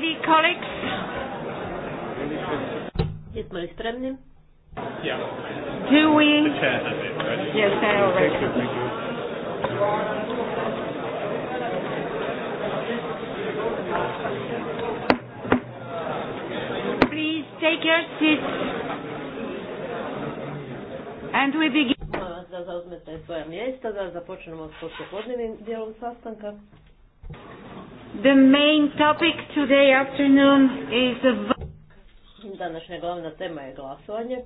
ready, colleagues? Jesmo li spremni? Yeah. Do we... The chair has it already. Yes, I already. Thank Please take your seats. And we begin. Da zauzmete svoja mjesta, da započnemo s poslijepodnevnim dijelom sastanka. The main topic today afternoon is a... Današnja glavna tema je glasovanje.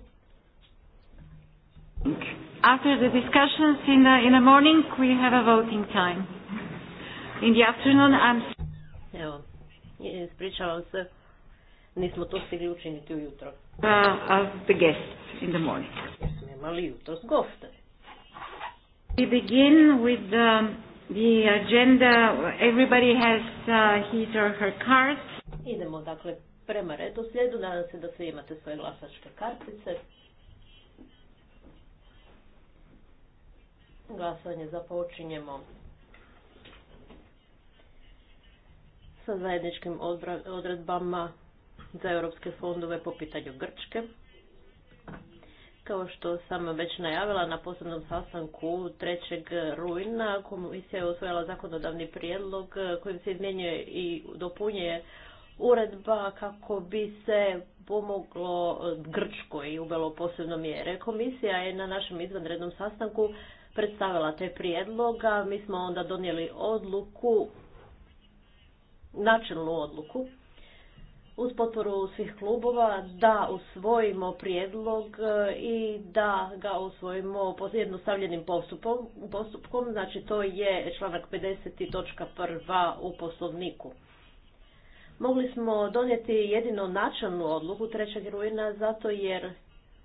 After the discussions in the, in the morning we have a voting time. In the afternoon I'm... Evo, ispričavam se. Nismo to stigli učiniti ujutro. Uh, as the guests in the morning. Nema li jutro s goste. We begin with the The agenda, everybody has uh, his or her card. Idemo dakle prema redu slijedu, nadam se da svi imate svoje glasačke kartice. Glasovanje započinjemo sa zajedničkim odredbama za europske fondove po pitanju Grčke. Kao što sam već najavila na posebnom sastanku 3. rujna, komisija je usvojila zakonodavni prijedlog kojim se izmjenjuje i dopunjuje uredba kako bi se pomoglo Grčkoj i uvelo posebno mjere. Komisija je na našem izvanrednom sastanku predstavila te prijedloga. Mi smo onda donijeli odluku, načelnu odluku uz potporu svih klubova da usvojimo prijedlog e, i da ga usvojimo jednostavljenim postupom, postupkom, znači to je članak 50. točka prva u poslovniku. Mogli smo donijeti jedino načelnu odluku 3. rujna zato jer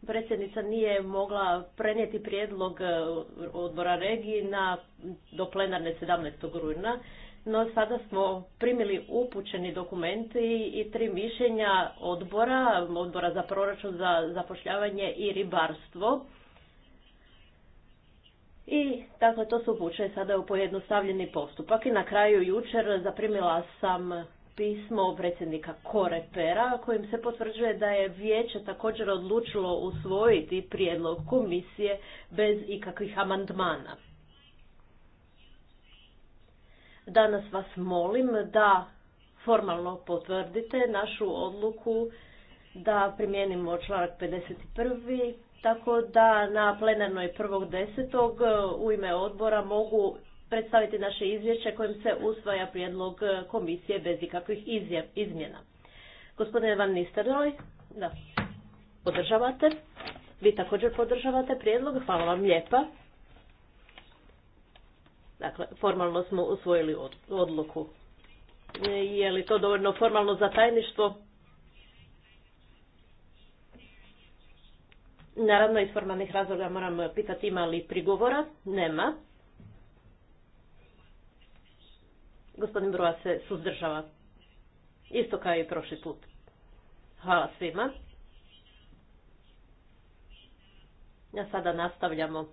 predsjednica nije mogla prenijeti prijedlog e, odbora regiji na, do plenarne 17. rujna no sada smo primili upućeni dokumenti i tri mišljenja odbora, odbora za proračun za zapošljavanje i ribarstvo. I dakle to se upućuje sada u pojednostavljeni postupak i na kraju jučer zaprimila sam pismo predsjednika Korepera kojim se potvrđuje da je vijeće također odlučilo usvojiti prijedlog komisije bez ikakvih amandmana. Danas vas molim da formalno potvrdite našu odluku da primijenimo članak 51. tako da na plenarnoj 1.10. E, u ime odbora mogu predstaviti naše izvješće kojim se usvaja prijedlog komisije bez ikakvih izmjena. Gospodine Van Nistelrooy, da, podržavate, vi također podržavate prijedlog, hvala vam lijepa. Dakle, formalno smo usvojili odluku. E, je li to dovoljno formalno za tajništvo? Naravno, iz formalnih razloga moram pitati ima li prigovora. Nema. Gospodin Brova se suzdržava. Isto kao i prošli put. Hvala svima. Ja sada nastavljamo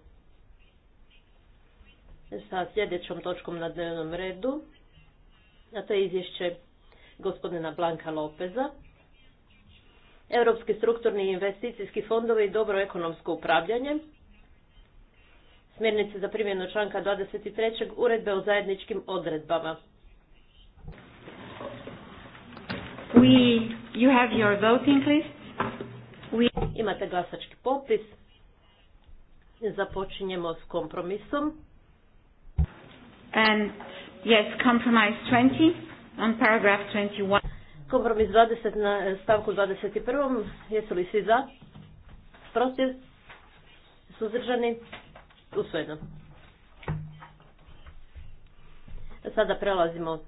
sa sljedećom točkom na dnevnom redu, a to je izvješće gospodina Blanka Lopeza. Europski strukturni investicijski fondovi i dobro ekonomsko upravljanje. Smjernice za primjenu članka 23. uredbe o zajedničkim odredbama. Imate glasački popis. Započinjemo s kompromisom. And yes, compromise 20 on paragraph 21. Kompromis 20 na stavku 21. Jesu li svi za? Protiv? Suzdržani? Usvojeno. Sada prelazimo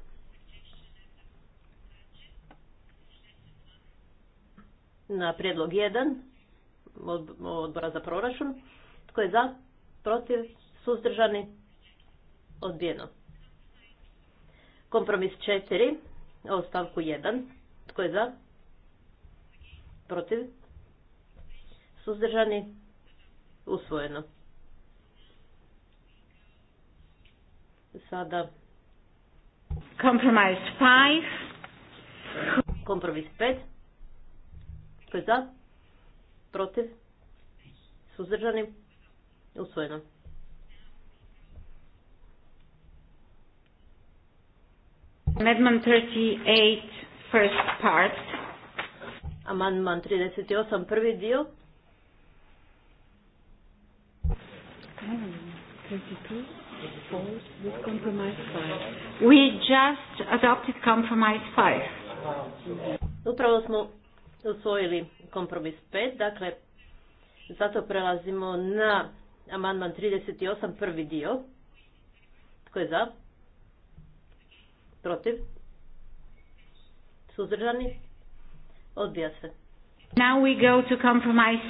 na prijedlog 1 odbora za proračun. Tko je za? Protiv? Suzdržani? Odbijeno. Kompromis 4 o stavku 1. Tko je za? Protiv? Suzdržani? Usvojeno. Sada Compromise 5. Kompromis 5. Tko je za? Protiv? Suzdržani? Usvojeno. Amendment 38, first part. Amandman 38, prvi dio. 32, compromise 5. We just adopted compromise 5. Upravo smo usvojili kompromis 5, dakle, zato prelazimo na amandman 38, prvi dio. Tko je za? Protiv? Suzdržani? Odbija se. Now we go to compromise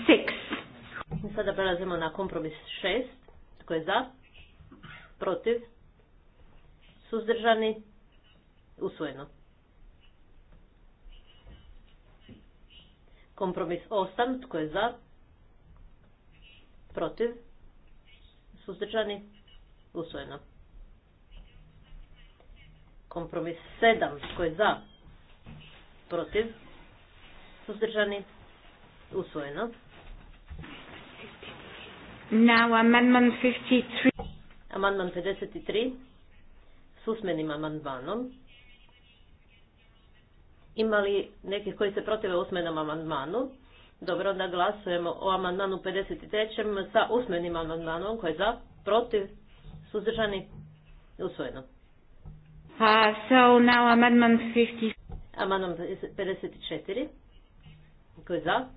6. Sada prelazimo na kompromis šest. Tko je za? Protiv? Suzdržani? Usvojeno. Kompromis osam. Tko je za? Protiv? Suzdržani? Usvojeno. Kompromis sedam. Tko je za? Protiv? Suzdržani? Usvojeno. Now amendment 53. Amandman 53 s usmenim amandmanom. Ima li nekih koji se protive usmenom amandmanu? Dobro, onda glasujemo o amandmanu 53. sa usmenim amandmanom koji je za, protiv, suzdržani, usvojeno. Uh, so now amendment 50. Amandman 54. Tko je za?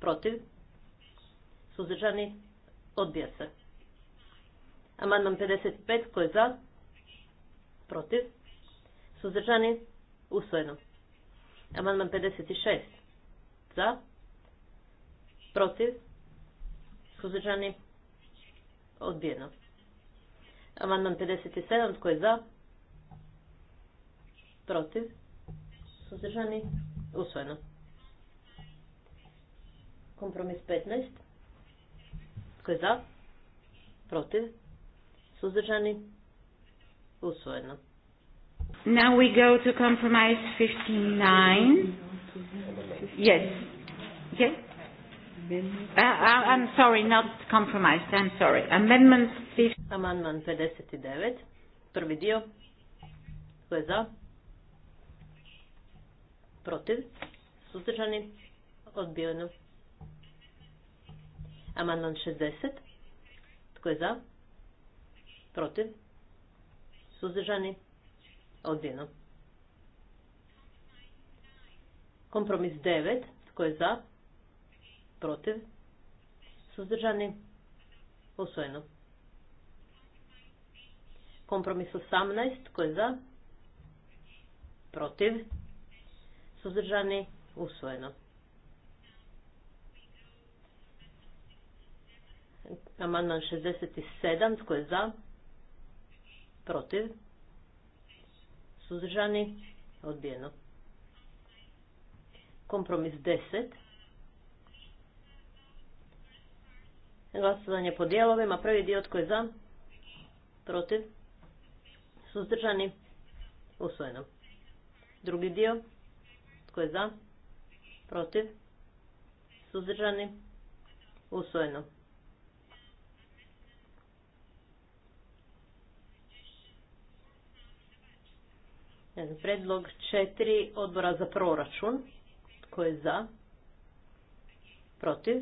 Protiv? Suzdržani? Odbija se. Amandman 55. Tko je za? Protiv? Suzdržani? Usvojeno. Amandman 56. Za? Protiv? Suzdržani? Odbijeno. Amandman 57. Tko je za? Protiv? Suzdržani? Usvojeno. Kompromis 15. Tko je za? Protiv? Suzdržani? Usvojeno. Now we go to compromise 59. Yes. Yes. Uh, uh, I'm sorry, not compromised. I'm sorry. Amendment Amandman 59. Prvi dio. Tko je za? Protiv? Suzdržani? Odbijeno. Amandman 60. Tko je za? Protiv? Suzdržani? Odbijeno. Kompromis 9. Tko je za? Protiv? Suzdržani? Usvojeno. Kompromis 18. Tko je za? Protiv? Suzdržani? Usvojeno. Amandman 67. Tko je za? Protiv? Suzdržani? Odbijeno. Kompromis 10. Glasovanje po dijelovima. Prvi dio tko je za? Protiv? Suzdržani? Usvojeno. Drugi dio. Tko je za? Protiv? Suzdržani? Usvojeno. E, predlog četiri odbora za proračun. Tko je za? Protiv?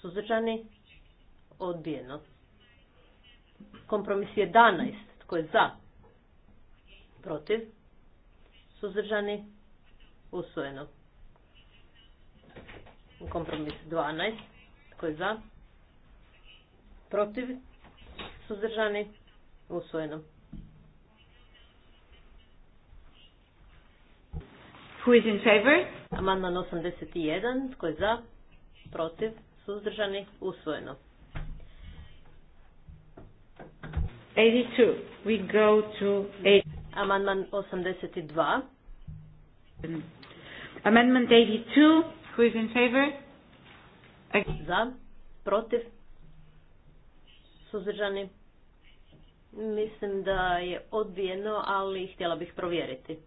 Suzdržani? Odbijeno. Kompromis jedanaest, tko je za? Protiv? Suzdržani? Usvojeno. Kompromis 12. Tko je za? Protiv? Suzdržani? Usvojeno. Who is in favor? Amandman 81. Tko je za? Protiv? Suzdržani? Usvojeno. 82. We go to Amandman 82. Amendment 82. is in favor? Za. Protiv. Suzdržani. Mislim da je odbijeno, ali htjela bih provjeriti.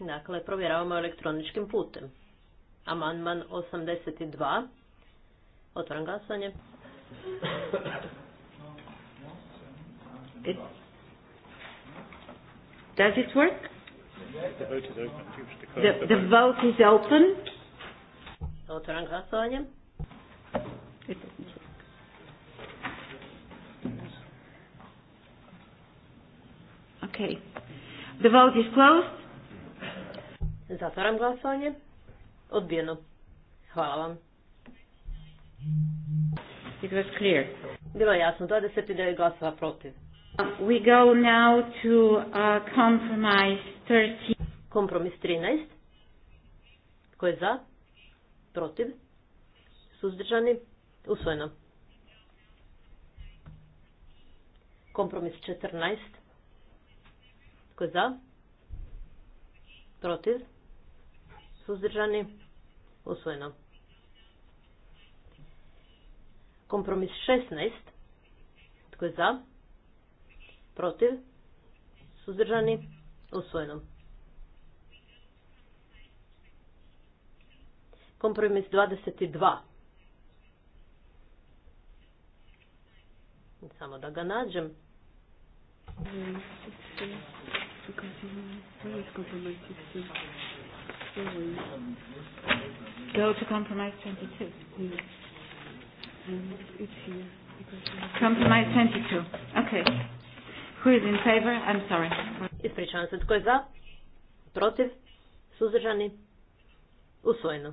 Dakle, provjeravamo elektroničkim putem. Amandman 82. Otvoram glasanje. It, does it work? The vote is open. The, vote is open. Otvaram glasovanje. Okay. The vote is closed. Zatvaram glasovanje. Odbijeno. Hvala vam. It was clear. Bilo jasno, 29 glasova protiv. We go now to uh, compromise 13. Kompromis 13. Ko je za? Protiv? Suzdržani? Usvojeno. Kompromis 14. Ko je za? Protiv? Suzdržani? Usvojeno. Kompromis 16. Tko je za? Protiv? Suzdržani? Usvojeno. Kompromis 22. Samo da ga nađem. Go to compromise 22. Compromise 22. Okay. Who is favor? I'm sorry. Ispričavam se. Tko je za? Protiv? Suzdržani? Usvojeno.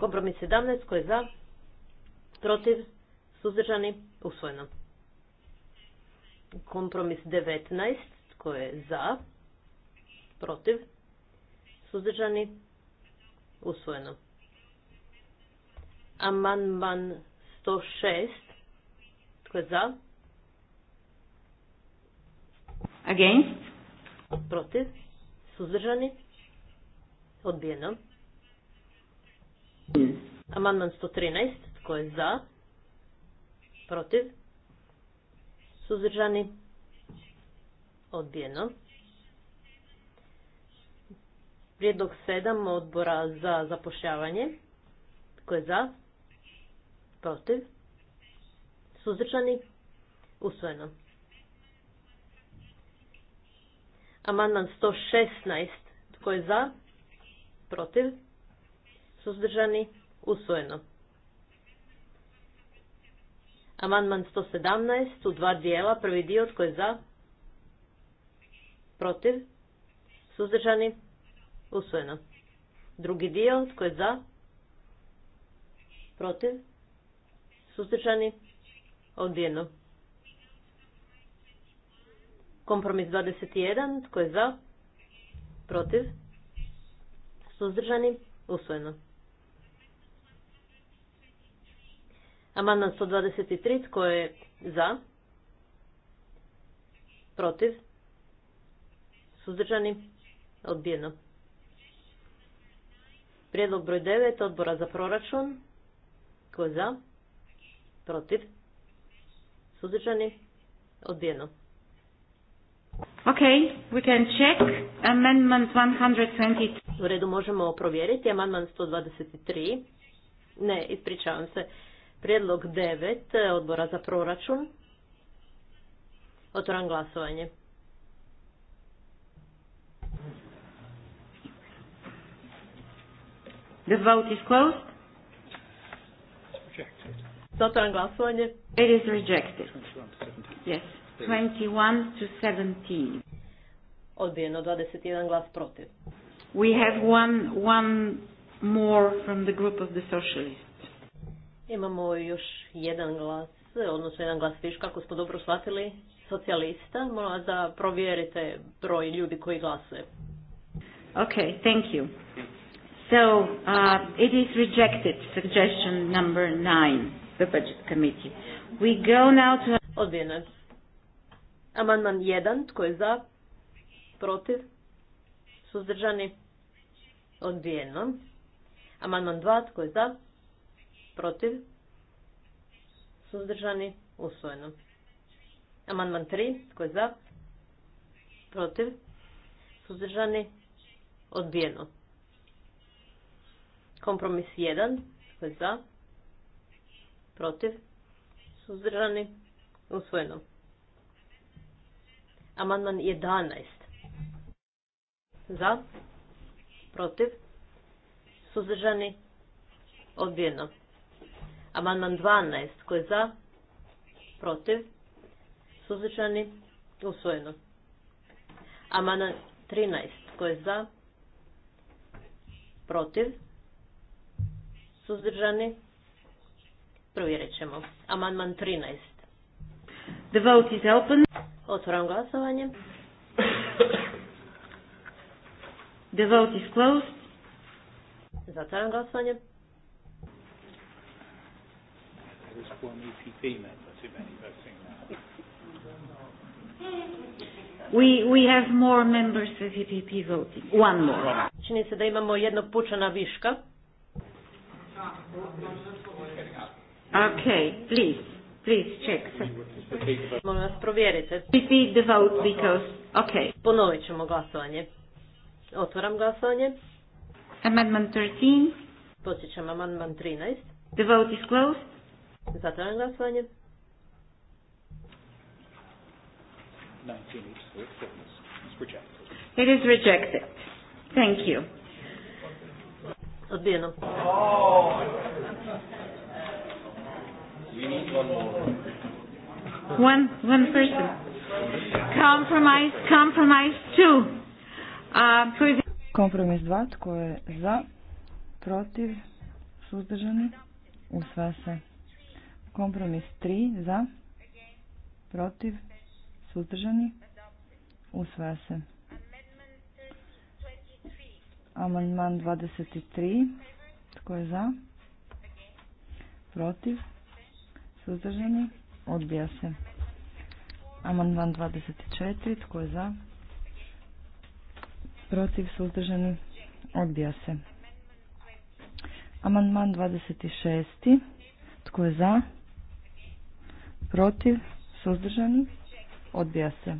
Kompromis 17. Tko je za? Protiv? Suzdržani? Usvojeno. Kompromis 19. Tko je za? Protiv? Suzdržani? Usvojeno. Amandman 106. Tko je za? Against? Protiv? Suzdržani? Odbijeno. Amandman 113. Tko je za? Protiv? Suzdržani? Odbijeno. Prijedlog 7 odbora za zapošljavanje. Tko je za? protiv, suzdržani, usvojeno. Amandman 116, tko je za, protiv, suzdržani, usvojeno. Amandman 117 u dva dijela, prvi dio tko je za, protiv, suzdržani, usvojeno. Drugi dio tko je za, protiv, Suzdržani? Odbijeno. Kompromis 21. Tko je za? Protiv? Suzdržani? Usvojeno. Amandman 123. Tko je za? Protiv? Suzdržani? Odbijeno. Prijedlog broj 9. Odbora za proračun. Tko je za? Protiv? Suzdržani? Odbijeno. Ok, we can check amendment 123. U redu možemo provjeriti Amendment 123. Ne, ispričavam se. Prijedlog 9 odbora za proračun. Otvoram glasovanje. The vote is closed. Zatvaram glasovanje. It is rejected. Yes. 21 to 17. Odbijeno 21 glas protiv. We have one, one more from the group of the socialists. Imamo još jedan glas, odnosno jedan glas viška, ako smo dobro shvatili, socijalista. Molim da provjerite broj ljudi koji glasuje. Okay, thank you. So, uh, it is rejected, suggestion number nine the budget committee. We go now to... Odbijeno. Amandman 1, tko je za? Protiv? Suzdržani? Odbijeno. Amandman 2, tko je za? Protiv? Suzdržani? Usvojeno. Amandman 3, tko je za? Protiv? Suzdržani? Odbijeno. Kompromis 1, tko je za? Protiv? Suzdržani? Usvojeno. Amandman 11. Za? Protiv? Suzdržani? Odbijeno. Amandman 12. Tko je za? Protiv? Suzdržani? Usvojeno. Amandman 13. Tko je za? Protiv? Suzdržani? Provjerit ćemo. Amandman 13. The vote is open. Otvoram glasovanje. The vote is closed. Zatvaram glasovanje. We, we have more members of EPP voting. One more. Čini se da imamo jednog pučana viška. Okay, please, please check. Molim vas provjerite. Repeat the vote because, okay. Ponovit ćemo glasovanje. Otvaram glasovanje. Amendment 13. Posjećam amendment 13. The vote is closed. Zatvaram glasovanje. 19 It is rejected. Thank you. Odbijeno. Oh. We need one more. One, one person. Compromise, compromise two. Uh, Kompromis 2, tko je za, protiv, suzdržani, usva se. Kompromis 3, za, protiv, suzdržani, usva se. Amandman 23, tko je za, protiv, Suzdržani? Odbija se. Amandman 24. Tko je za? Protiv? Suzdržani? Odbija se. Amandman 26. Tko je za? Protiv? Suzdržani? Odbija se.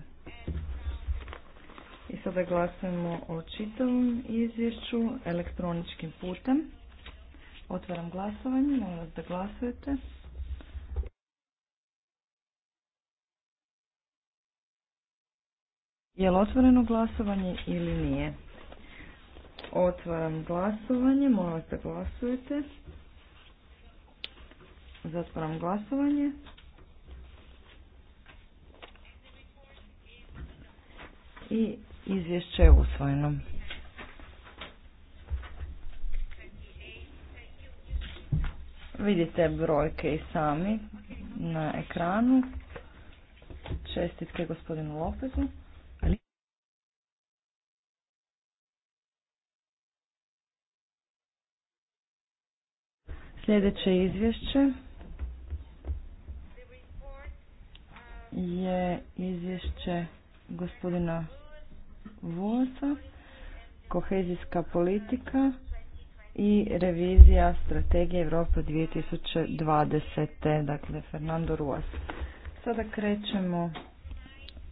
I sada glasujemo o čitavom izvješću elektroničkim putem. Otvaram glasovanje, molim vas da glasujete. Je li otvoreno glasovanje ili nije? Otvaram glasovanje, molim vas da glasujete. Zatvaram glasovanje. I izvješće je usvojeno. Vidite brojke i sami na ekranu. Čestitke gospodinu Lopezu. Sljedeće izvješće je izvješće gospodina Vuosa, kohezijska politika i revizija strategije Evropa 2020. Dakle, Fernando Ruas. Sada krećemo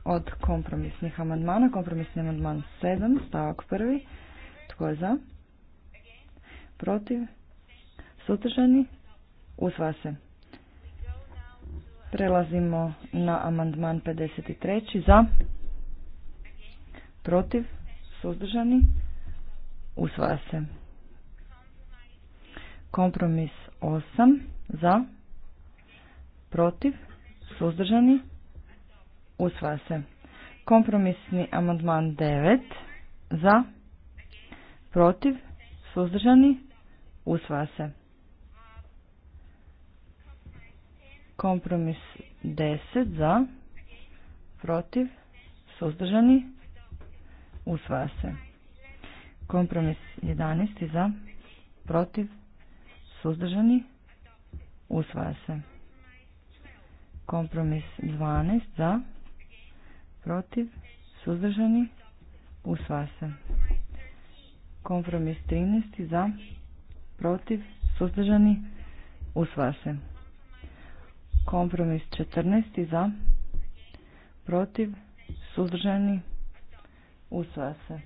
od kompromisnih amandmana. Kompromisni amandman 7, stavak 1. Tko je za? Protiv? Suzdržani? Usva se. Prelazimo na amandman 53. Za? Protiv? Suzdržani? Usvaja se. Kompromis 8. Za? Protiv? Suzdržani? Usvaja se. Kompromisni amandman 9. Za? Protiv? Suzdržani? usvase. se. Kompromis 10 za, protiv, suzdržani, usvaja se. Kompromis 11 za, protiv, suzdržani, usvaja se. Kompromis 12 za, protiv, suzdržani, usvaja se. Kompromis 13 za, protiv, suzdržani, usvaja se. Kompromis 14. za. Protiv. Suzdržani. Usvaja se.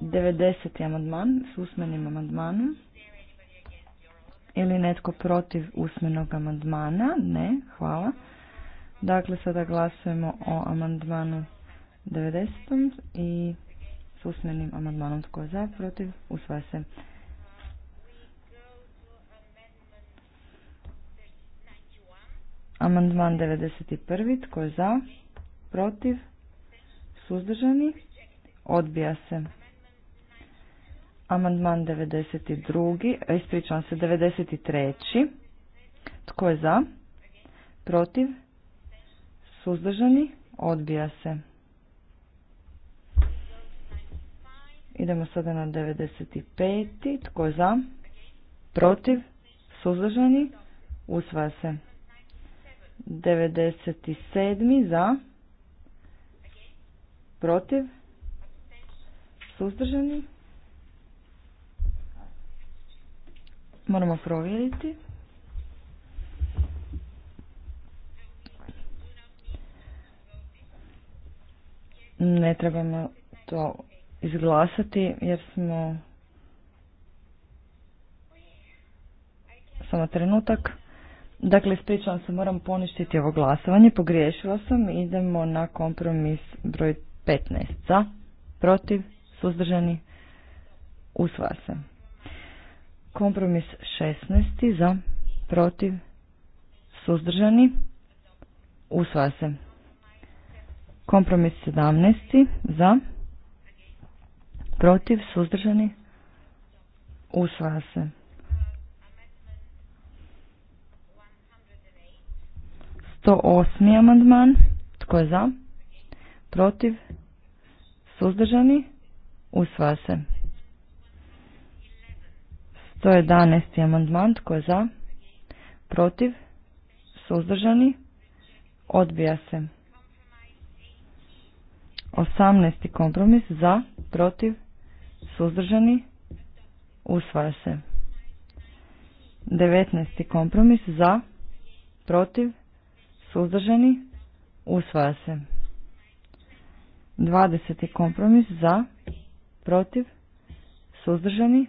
90. amandman s usmenim amandmanom. Ili netko protiv usmenog amandmana? Ne, hvala. Dakle, sada glasujemo o amandmanu 90. i s usmenim amandmanom tko je za, protiv, usvaja se. Amandman 91. Tko je za? Protiv? Suzdržani? Odbija se. Amandman 92. E, ispričavam se, 93. Tko je za? Protiv? Suzdržani? Odbija se. Idemo sada na 95. Tko je za? Protiv? Suzdržani? Usvaja se. 97. za. Protiv. Suzdržani. Moramo provjeriti. Ne trebamo to izglasati jer smo samo trenutak. Dakle, ispričavam se, moram poništiti ovo glasovanje. Pogriješila sam. Idemo na kompromis broj 15. Za, protiv, suzdržani, usvaja se. Kompromis 16. Za, protiv, suzdržani, usvaja se. Kompromis 17. Za, protiv, suzdržani, usvaja se. 108. amandman. Tko je za? Protiv? Suzdržani? Usvaja se. 111. amandman. Tko je za? Protiv? Suzdržani? Odbija se. 18. kompromis. Za? Protiv? Suzdržani? Usvaja se. 19. kompromis. Za? Protiv? suzdržani, usvaja se. 20. kompromis za, protiv, suzdržani,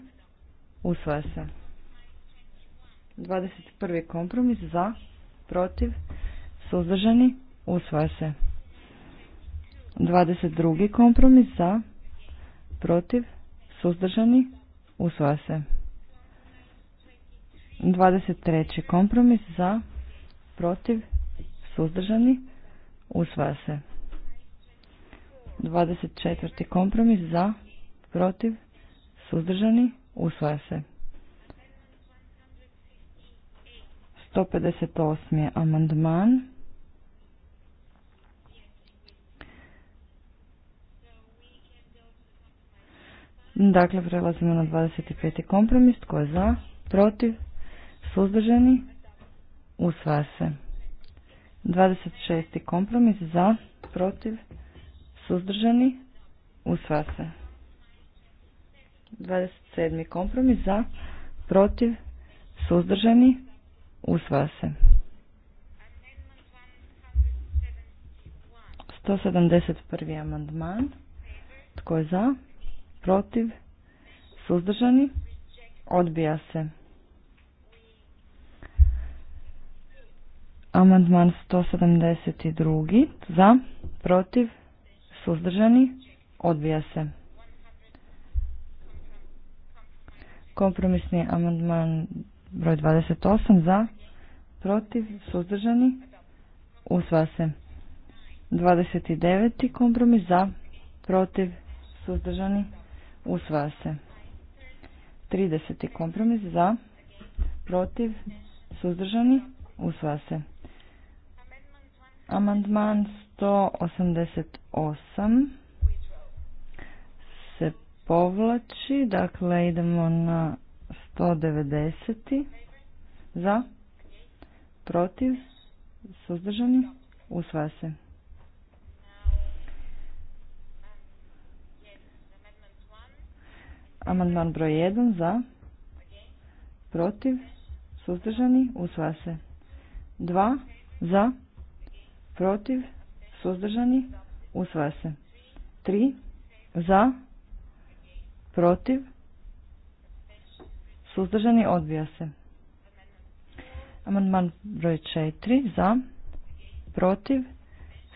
usvaja se. 21. kompromis za, protiv, suzdržani, usvaja se. 22. kompromis za, protiv, suzdržani, usvaja se. 23. kompromis za, protiv, suzdržani, usvaja se. 24. kompromis za, protiv, suzdržani, usvaja se. 158. amandman. Dakle, prelazimo na 25. kompromis. Tko je za? Protiv? Suzdržani? Usvaja se. 26. kompromis za, protiv, suzdržani, usvaja se. 27. kompromis za, protiv, suzdržani, usvaja se. 171. amandman. Tko je za? Protiv? Suzdržani? Odbija se. Amandman 172. Za, protiv, suzdržani, odbija se. Kompromisni amandman broj 28. Za, protiv, suzdržani, usva se. 29. kompromis za, protiv, suzdržani, usva se. 30. kompromis za, protiv, suzdržani, usva se. Amandman 188 se povlači, dakle idemo na 190. Za, protiv, suzdržani, Usva se. Amandman broj 1 za, protiv, suzdržani, usvaja se. 2 za, protiv, suzdržani, usvaja se. 3 za, protiv, suzdržani, odbija se. Amandman broj 4 za, protiv,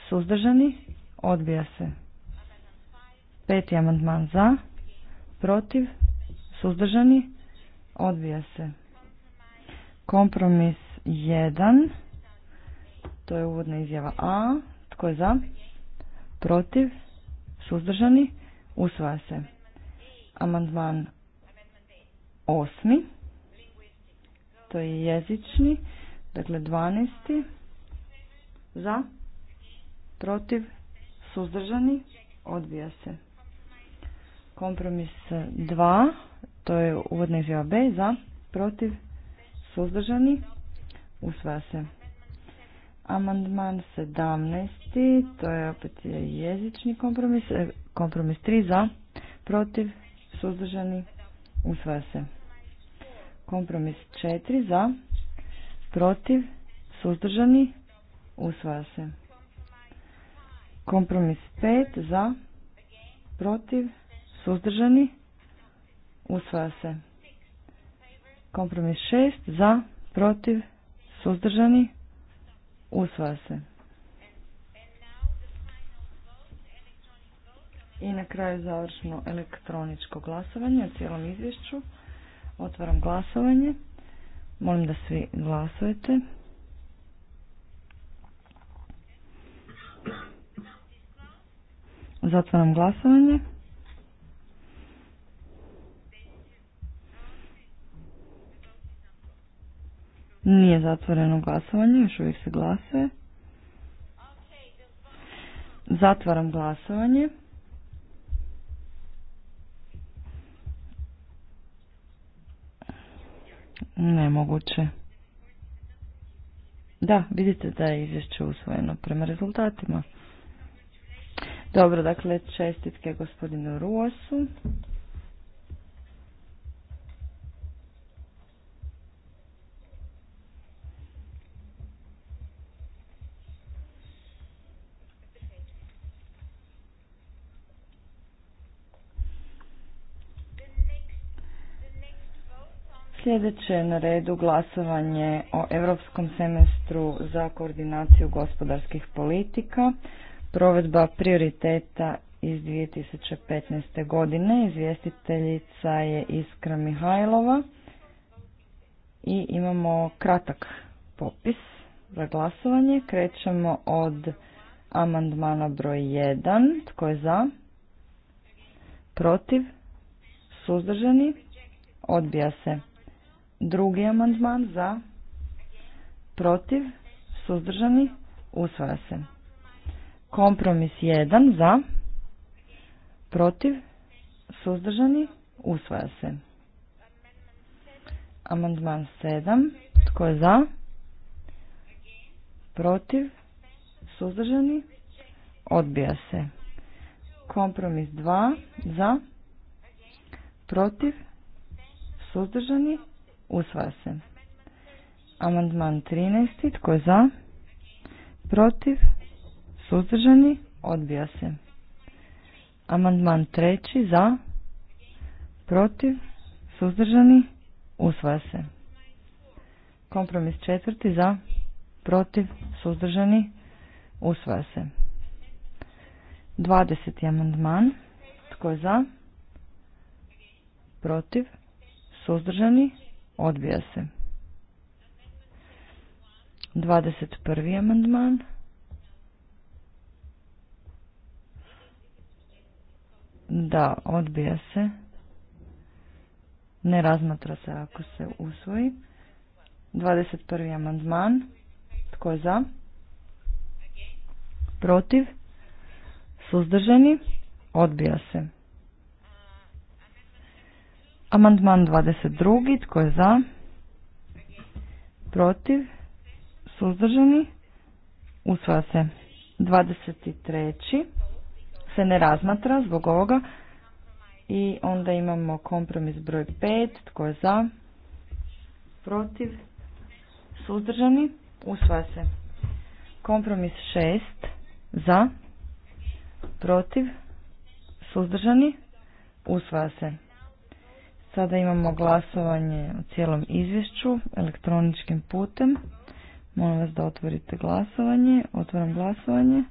suzdržani, odbija se. Peti amandman za, protiv, suzdržani, odbija se. Kompromis 1 to je uvodna izjava A. Tko je za? Protiv? Suzdržani? Usvaja se. Amandman osmi. To je jezični. Dakle, dvanesti. Za? Protiv? Suzdržani? Odbija se. Kompromis dva, To je uvodna izjava B. Za? Protiv? Suzdržani? Usvaja se. Amandman 17. To je opet jezični kompromis. E, kompromis 3 za, protiv, suzdržani, usvaja se. Kompromis 4 za, protiv, suzdržani, usvaja se. Kompromis 5 za, protiv, suzdržani, usvaja se. Kompromis 6 za, protiv, suzdržani, Usvaja se. I na kraju završno elektroničko glasovanje o cijelom izvješću. Otvaram glasovanje. Molim da svi glasujete. Zatvaram glasovanje. Nije zatvoreno glasovanje, još uvijek se glasuje. Zatvaram glasovanje. Nemoguće. Da, vidite da je izvješće usvojeno prema rezultatima. Dobro, dakle, čestitke gospodinu Ruosu. Sljedeće je na redu glasovanje o Europskom semestru za koordinaciju gospodarskih politika, provedba prioriteta iz 2015. godine. Izvjestiteljica je Iskra Mihajlova i imamo kratak popis za glasovanje. Krećemo od amandmana broj 1. Tko je za? Protiv? Suzdržani? Odbija se. Drugi amandman za, protiv, suzdržani, usvaja se. Kompromis 1 za, protiv, suzdržani, usvaja se. Amandman 7, tko je za, protiv, suzdržani, odbija se. Kompromis 2 za, protiv, suzdržani, Usvaja se. Amandman 13. Tko je za? Protiv? Suzdržani? Odbija se. Amandman 3. Za? Protiv? Suzdržani? Usvaja se. Kompromis 4. za, protiv, suzdržani, usvaja se. 20. amandman. Tko je za? Protiv, suzdržani, Odbija se. 21. amandman. Da, odbija se. Ne razmatra se ako se usvoji. 21. amandman. Tko je za? Protiv? Suzdržani? Odbija se. Amandman 22. Tko je za? Protiv? Suzdržani? Usvaja se. 23. Se ne razmatra zbog ovoga. I onda imamo kompromis broj 5. Tko je za? Protiv? Suzdržani? Usvaja se. Kompromis 6. Za? Protiv? Suzdržani? Usvaja se. Sada imamo glasovanje o cijelom izvješću elektroničkim putem. Molim vas da otvorite glasovanje. Otvaram glasovanje.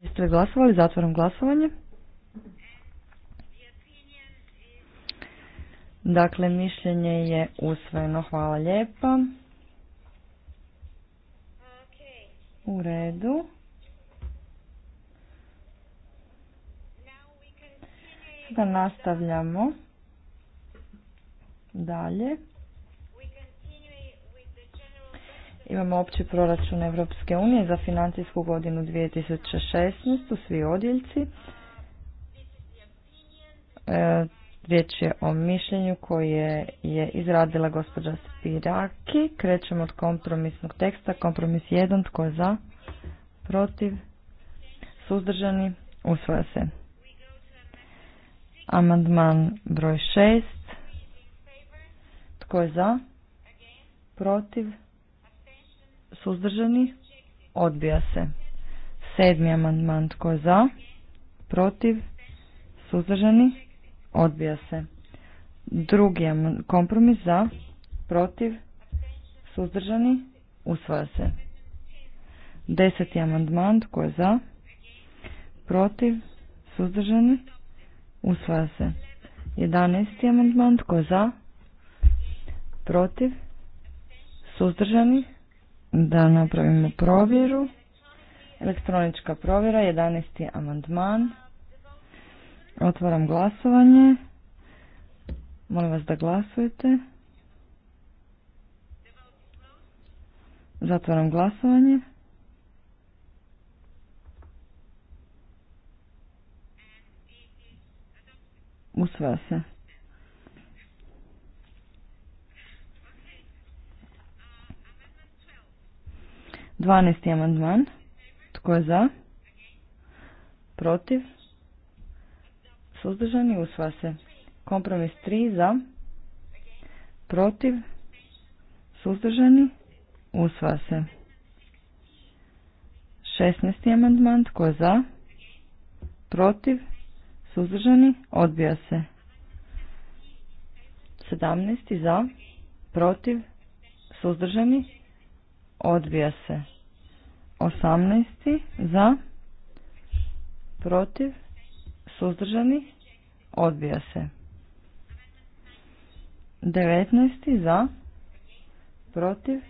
Jeste li glasovali? zatvoram glasovanje. Dakle, mišljenje je usvojeno. Hvala lijepa. U redu. da nastavljamo dalje. Imamo opći proračun Evropske unije za financijsku godinu 2016. Svi odjeljci. E, riječ je o mišljenju koje je izradila gospođa Spiraki. Krećemo od kompromisnog teksta. Kompromis 1. Tko je za? Protiv? Suzdržani? Usvoja se. Amandman broj šest Tko je za? Protiv? Suzdržani? Odbija se. Sedmi amandman. Tko je za? Protiv? Suzdržani? Odbija se. Drugi kompromis za? Protiv? Suzdržani? Usvaja se. Deseti amandman. Tko je za? Protiv? Suzdržani? Usvaja se. 11. amandman. Tko je za? Protiv? Suzdržani? Da napravimo provjeru. Elektronička provjera. 11. amandman. Otvaram glasovanje. Molim vas da glasujete. Zatvaram glasovanje. Usvaja se. Dvanesti amandman. Tko je za? Protiv? Suzdržani? Usva se. Kompromis 3 za? Protiv? Suzdržani? Usva se. 16. amandman. Tko je za? Protiv? Suzdržani? Odbija se. 17. Za? Protiv? Suzdržani? Odbija se. 18. Za? Protiv? Suzdržani? Odbija se. 19. Za? Protiv?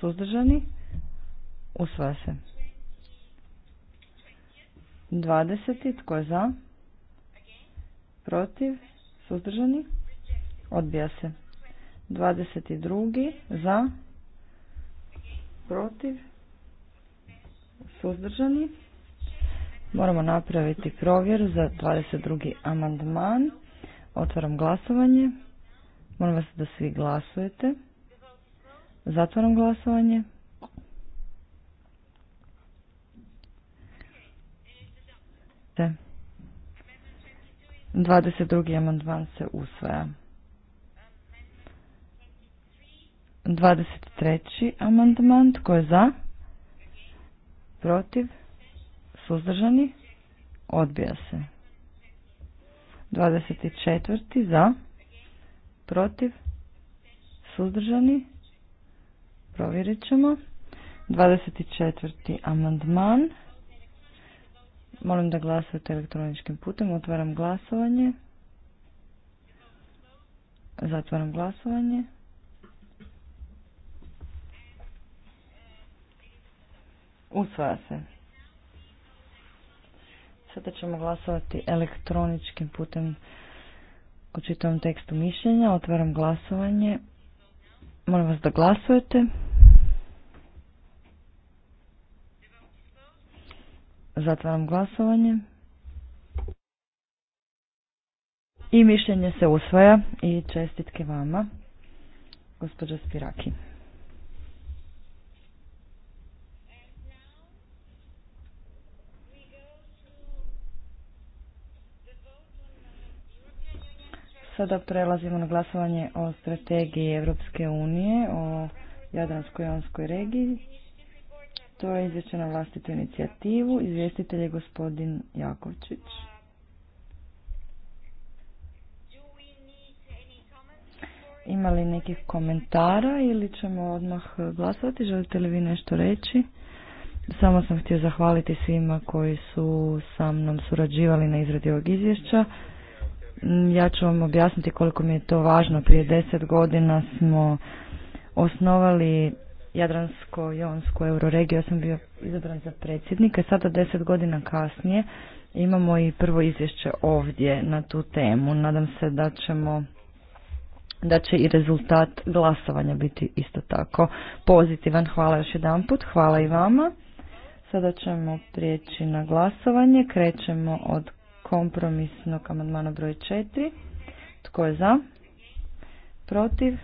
Suzdržani? Usvaja se. 20. Tko je za? protiv, suzdržani, odbija se. 22. za, protiv, suzdržani. Moramo napraviti provjeru za 22. amandman. Otvaram glasovanje. Molim vas da svi glasujete. Zatvaram glasovanje. Te. 22. amandman se usvaja. 23. amandman, tko je za? Protiv? Suzdržani? Odbija se. 24. za? Protiv? Suzdržani? Provjerit ćemo. 24. amandman. Molim da glasujete elektroničkim putem. Otvaram glasovanje. Zatvaram glasovanje. Usvaja se. Sada ćemo glasovati elektroničkim putem u čitavom tekstu mišljenja. Otvaram glasovanje. Molim vas da glasujete. Zatvaram glasovanje. I mišljenje se usvaja i čestitke vama, gospođa Spiraki. Sada prelazimo na glasovanje o strategiji Europske unije o Jadranskoj regiji. To je izvješće na vlastitu inicijativu. Izvjestitelj je gospodin Jakovčić. Ima li nekih komentara ili ćemo odmah glasovati? Želite li vi nešto reći? Samo sam htio zahvaliti svima koji su sa mnom surađivali na izradi ovog izvješća. Ja ću vam objasniti koliko mi je to važno. Prije deset godina smo osnovali Jadransko-Jonsku euroregiju. Ja sam bio izabran za predsjednika. Sada deset godina kasnije imamo i prvo izvješće ovdje na tu temu. Nadam se da ćemo da će i rezultat glasovanja biti isto tako pozitivan. Hvala još jedan put, hvala i vama. Sada ćemo prijeći na glasovanje. Krećemo od kompromisnog amandmana broj 4. Tko je za? Protiv?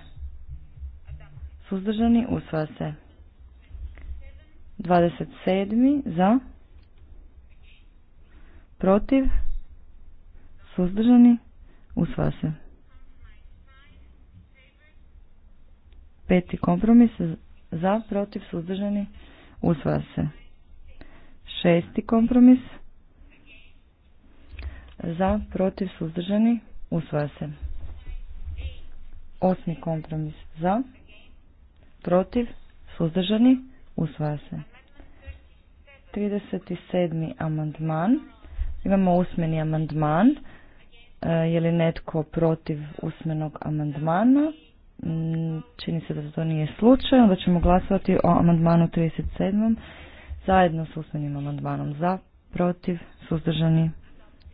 suzdržani, usvaja se. 27. za, protiv, suzdržani, usvaja se. Peti kompromis za, protiv, suzdržani, usvaja se. Šesti kompromis za, protiv, suzdržani, usvaja se. Osmi kompromis za, protiv, suzdržani, usvaja se. 37. amandman. Imamo usmeni amandman. E, je li netko protiv usmenog amandmana? Mm, čini se da to nije slučaj. Onda ćemo glasovati o amandmanu 37. Zajedno s usmenim amandmanom za, protiv, suzdržani,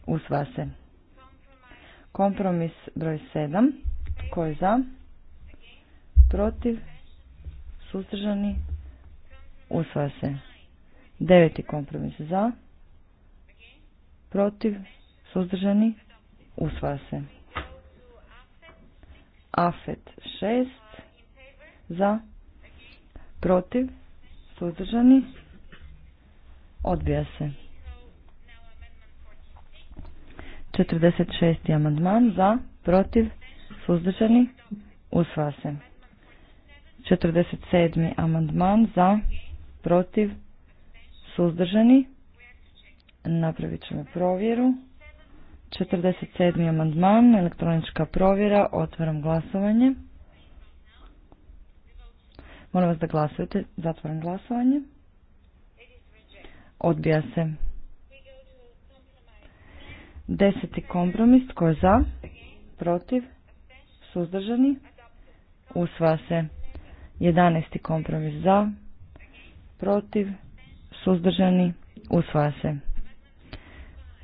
usvaja se. Kompromis broj 7. Tko je za? Protiv? suzdržani, usvaja se. Deveti kompromis za, protiv, suzdržani, usvaja se. Afet 6 za, protiv, suzdržani, odbija se. 46. amandman za, protiv, suzdržani, usvaja se. 47. amandman za, protiv, suzdržani. Napravit ćemo provjeru. 47. amandman, elektronička provjera, otvaram glasovanje. Moram vas da glasujete, zatvaram glasovanje. Odbija se. Deseti kompromis, tko je za, protiv, suzdržani, usva se. 11. kompromis za, protiv, suzdržani, usvaja se.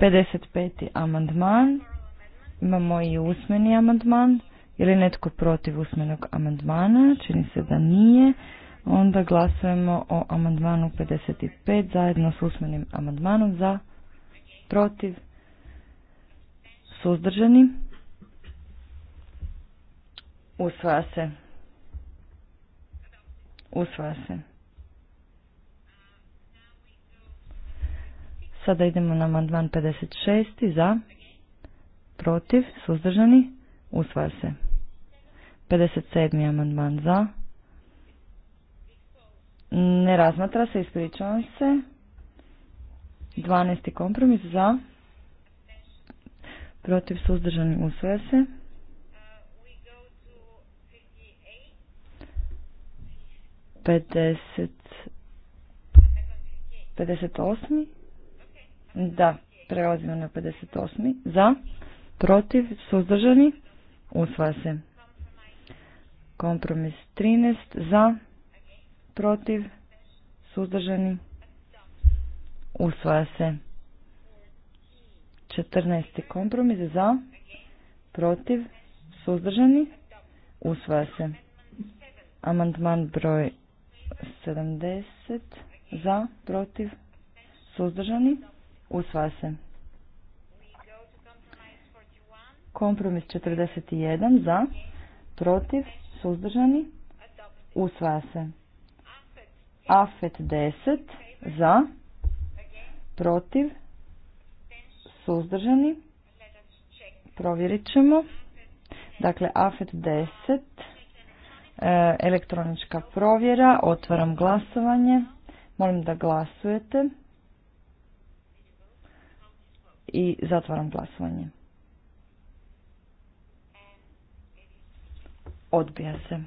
55. amandman, imamo i usmeni amandman, je netko protiv usmenog amandmana, čini se da nije, onda glasujemo o amandmanu 55 zajedno s usmenim amandmanom za, protiv, suzdržani, usvaja se. Usvaja se. Sada idemo na amandman 56. Za. Protiv. Suzdržani. Usvaja se. 57. amandman za. Ne razmatra se, ispričavam se. 12. kompromis za. Protiv suzdržani usvaja se. 58. Da, prelazimo na 58. Za, protiv, suzdržani, usvaja se. Kompromis 13. Za, protiv, suzdržani, usvaja se. 14. kompromis za, protiv, suzdržani, usvaja se. Amandman broj 70 za, protiv, suzdržani, usvaja se. Kompromis 41 za, protiv, suzdržani, usvaja se. Afet 10 za, protiv, suzdržani, provjerit ćemo. Dakle, Afet 10 E, elektronička provjera. Otvaram glasovanje. Molim da glasujete. I zatvaram glasovanje. Odbija se.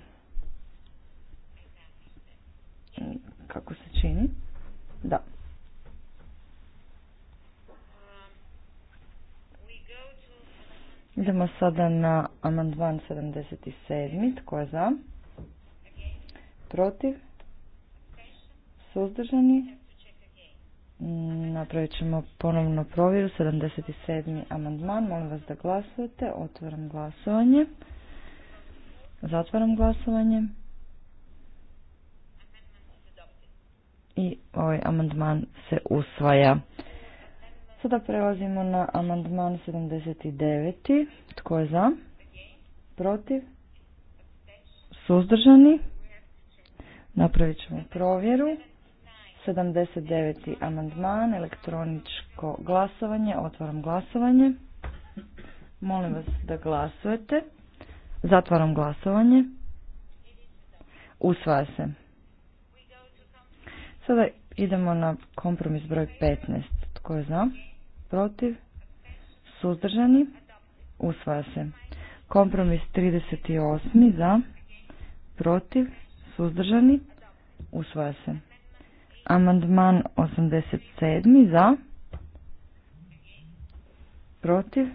Kako se čini? Da. Idemo sada na amandman 77. Tko je za? protiv, suzdržani. Napravit ćemo ponovno provjeru, 77. amandman, molim vas da glasujete, otvaram glasovanje, zatvaram glasovanje i ovaj amandman se usvaja. Sada prelazimo na amandman 79. Tko je za? Protiv? Suzdržani? Napravit ćemo provjeru. 79. amandman, elektroničko glasovanje, otvaram glasovanje. Molim vas da glasujete. Zatvaram glasovanje. Usvaja se. Sada idemo na kompromis broj 15. Tko je za? Protiv? Suzdržani? Usvaja se. Kompromis 38. Za? Protiv? Suzdržani? Usvaja se. Amandman 87. Za? Protiv?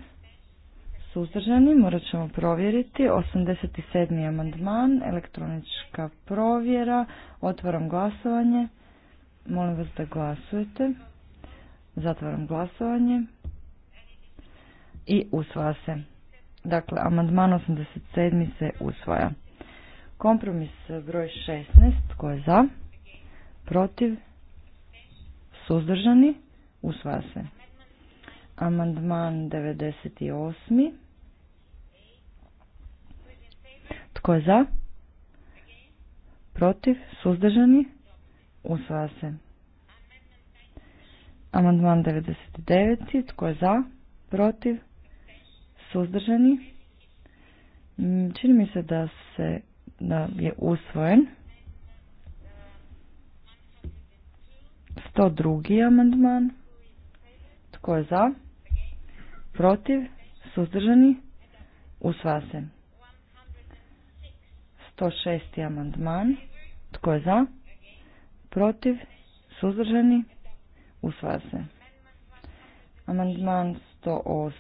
Suzdržani? Morat ćemo provjeriti. 87. amandman. Elektronička provjera. Otvaram glasovanje. Molim vas da glasujete. Zatvaram glasovanje. I usvaja se. Dakle, amandman 87. se usvaja. Kompromis broj 16, tko je za, protiv, suzdržani, usvaja se. Amandman 98. Tko je za? Protiv, suzdržani, usvaja se. Amandman 99. Tko je za? Protiv, suzdržani. Mm, čini mi se da se da je usvojen. 102. amandman. Tko je za? Protiv? Suzdržani? Usvaja se. 106. amandman. Tko je za? Protiv? Suzdržani? Usvaja se. Amandman 108.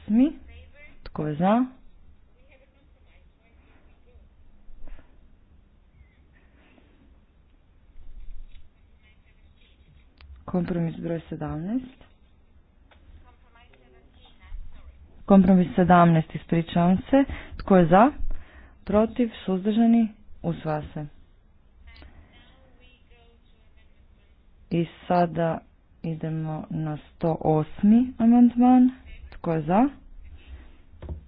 Tko je za? Kompromis broj 17. Kompromis 17, ispričavam se. Tko je za? Protiv, suzdržani, Usva se. I sada idemo na 108. amandman. Tko je za?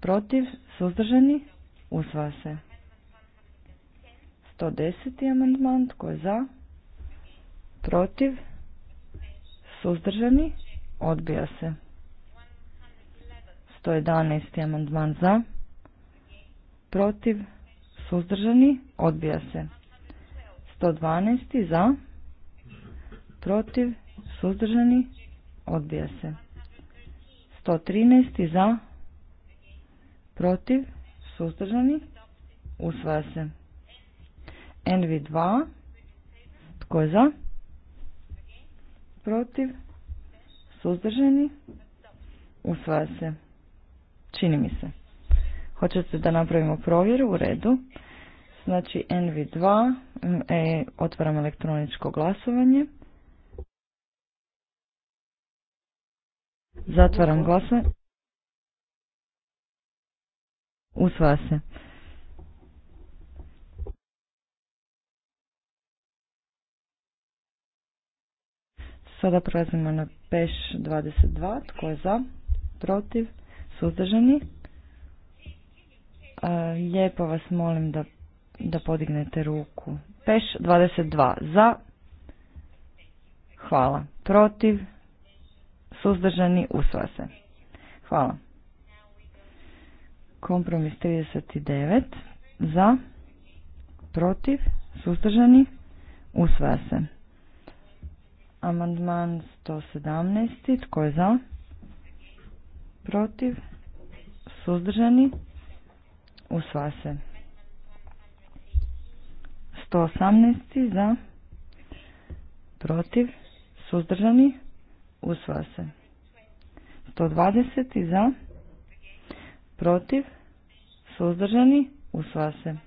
Protiv, suzdržani, Usva se. 110. amandman. Tko je za? Protiv, Suzdržani? Odbija se. 111. amandman za. Protiv? Suzdržani? Odbija se. 112. za. Protiv? Suzdržani? Odbija se. 113. za. Protiv? Suzdržani? Usvaja se. NV2. Tko je za? protiv, suzdrženi, usvaja se. Čini mi se. Hoćete da napravimo provjeru u redu. Znači NV2, e, otvaram elektroničko glasovanje. Zatvaram glasovanje. Usvaja se. Sada prelazimo na peš 22. Tko je za? Protiv? Suzdržani? Lijepo vas molim da, podignete ruku. Peš 22. Za? Hvala. Protiv? Suzdržani? Usva se. Hvala. Kompromis 39. Za? Protiv? Suzdržani? usva se. Amandman 117. Tko je za? Protiv? Suzdržani? Usva se. 118. Za? Protiv? Suzdržani? Usva se. 120. Za? Protiv? Suzdržani? Usva se.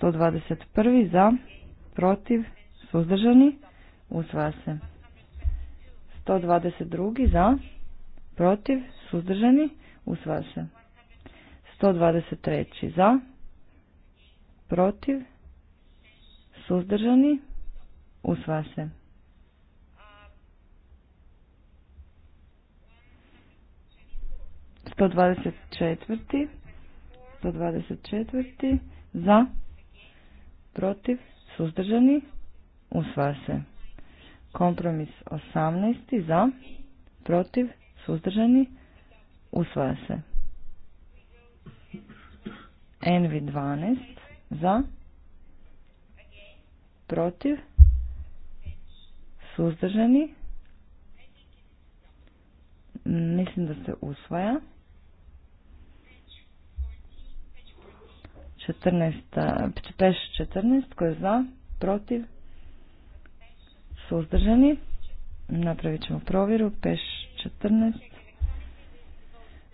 121. Za? Protiv? Suzdržani? Usvaja 122. Za. Protiv. Suzdržani. Usvaja 123. Za. Protiv. Suzdržani. Usvaja se. 124. 124. Za. Protiv. Suzdržani. Usvaja se. Kompromis 18. za, protiv, suzdržani, usvaja se. Envi 12. za, protiv, suzdržani, mislim da se usvaja. 14, peš 14, ko je za, protiv, suzdržani. Napravit ćemo provjeru. Peš 14.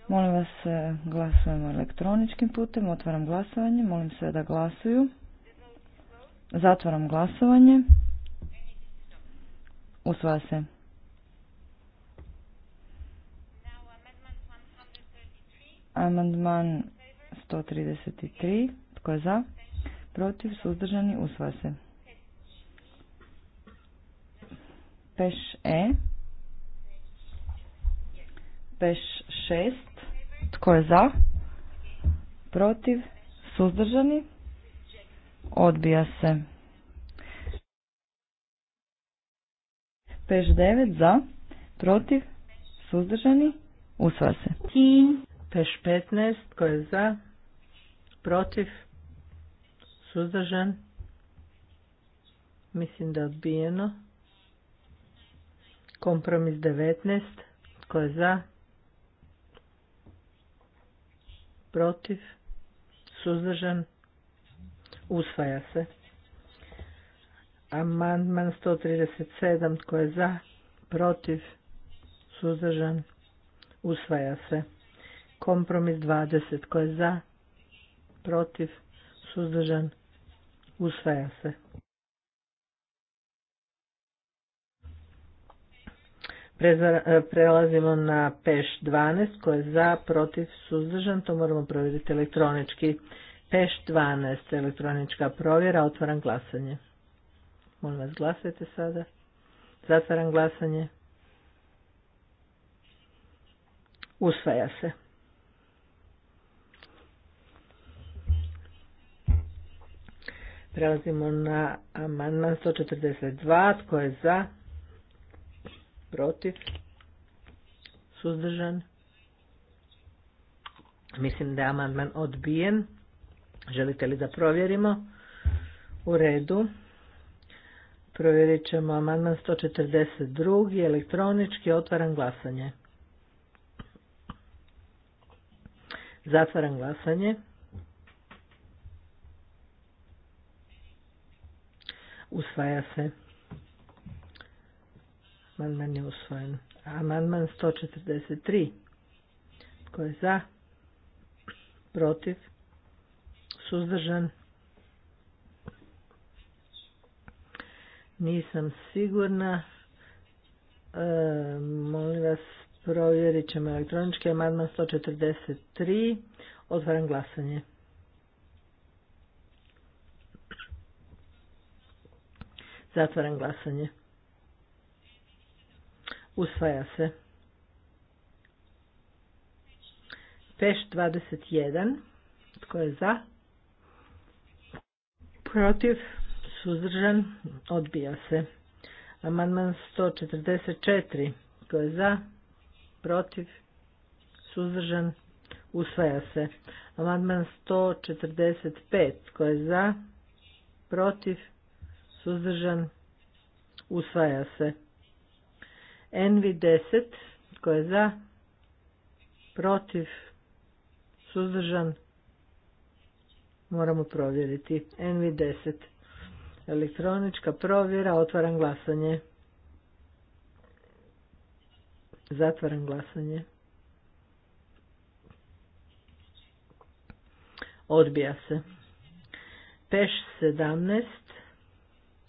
Molim vas e, glasujemo elektroničkim putem. Otvaram glasovanje. Molim sve da glasuju. Zatvaram glasovanje. Usvaja se. Amandman 133. Tko je za? Protiv? Suzdržani? Usvaja se. Peš E. Peš 6. Tko je za? Protiv? Suzdržani? Odbija se. Peš devet, za, protiv, suzdržani, usva se. Peš petnest, tko je za, protiv, suzdržan, mislim da odbijeno. Kompromis 19. Tko je za? Protiv? Suzdržan? Usvaja se. Amandman 137. Tko je za? Protiv? Suzdržan? Usvaja se. Kompromis 20. Tko je za? Protiv? Suzdržan? Usvaja se. E, prelazimo na peš 12 koje je za, protiv, suzdržan, to moramo provjeriti elektronički. Peš 12, elektronička provjera, otvaram glasanje. Molim vas glasajte sada. Zatvaram glasanje. Usvaja se. Prelazimo na amandman 142. Tko je za? protiv, suzdržan. Mislim da je amandman odbijen. Želite li da provjerimo? U redu. Provjerit ćemo amandman 142. elektronički. Otvaram glasanje. Zatvaram glasanje. Usvaja se. Amandman je usvojen. Amandman 143. Tko je za? Protiv? Suzdržan? Nisam sigurna. E, molim vas, provjerit ćemo elektronički amandman 143. Otvaram glasanje. Zatvaram glasanje. Usvaja se. Peš 21. Tko je za? Protiv. Suzdržan. Odbija se. Amandman 144. Tko je za? Protiv. Suzdržan. Usvaja se. Amandman 145. Tko je za? Protiv. Suzdržan. Usvaja se. Envi 10 tko je za, protiv, suzdržan, moramo provjeriti. Envi 10 elektronička provjera, otvaram glasanje. Zatvaram glasanje. Odbija se. Peš 17.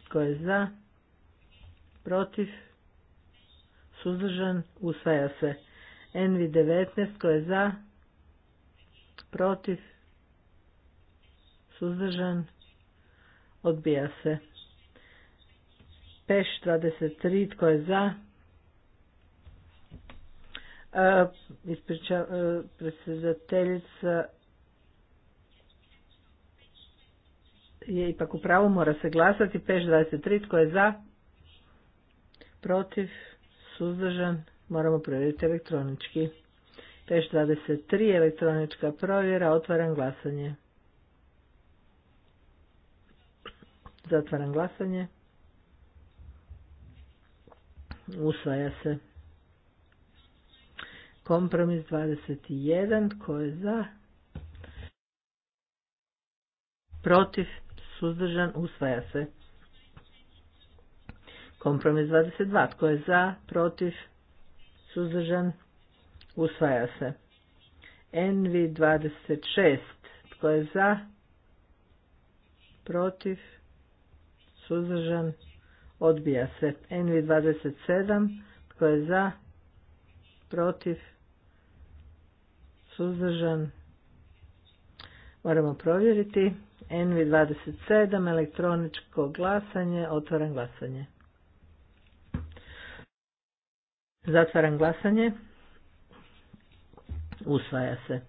tko je za? Protiv? suzdržan, usvaja se. NV19 tko je za, protiv, suzdržan, odbija se. Peš 23 tko je za, e, e, predsjedateljica je ipak u pravu, mora se glasati. Peš 23 tko je za, protiv, suzdržan, moramo provjeriti elektronički. Peš 23, elektronička provjera, otvaram glasanje. Zatvaram glasanje. Usvaja se. Kompromis 21, ko je za? Protiv, suzdržan, usvaja se. Kompromis 22. Tko je za, protiv, suzdržan, usvaja se. Envi 26. Tko je za, protiv, suzdržan, odbija se. Envi 27. Tko je za, protiv, suzdržan, moramo provjeriti. Envi 27. Elektroničko glasanje, otvoren glasanje. Zatvaram glasanje. Usvaja se.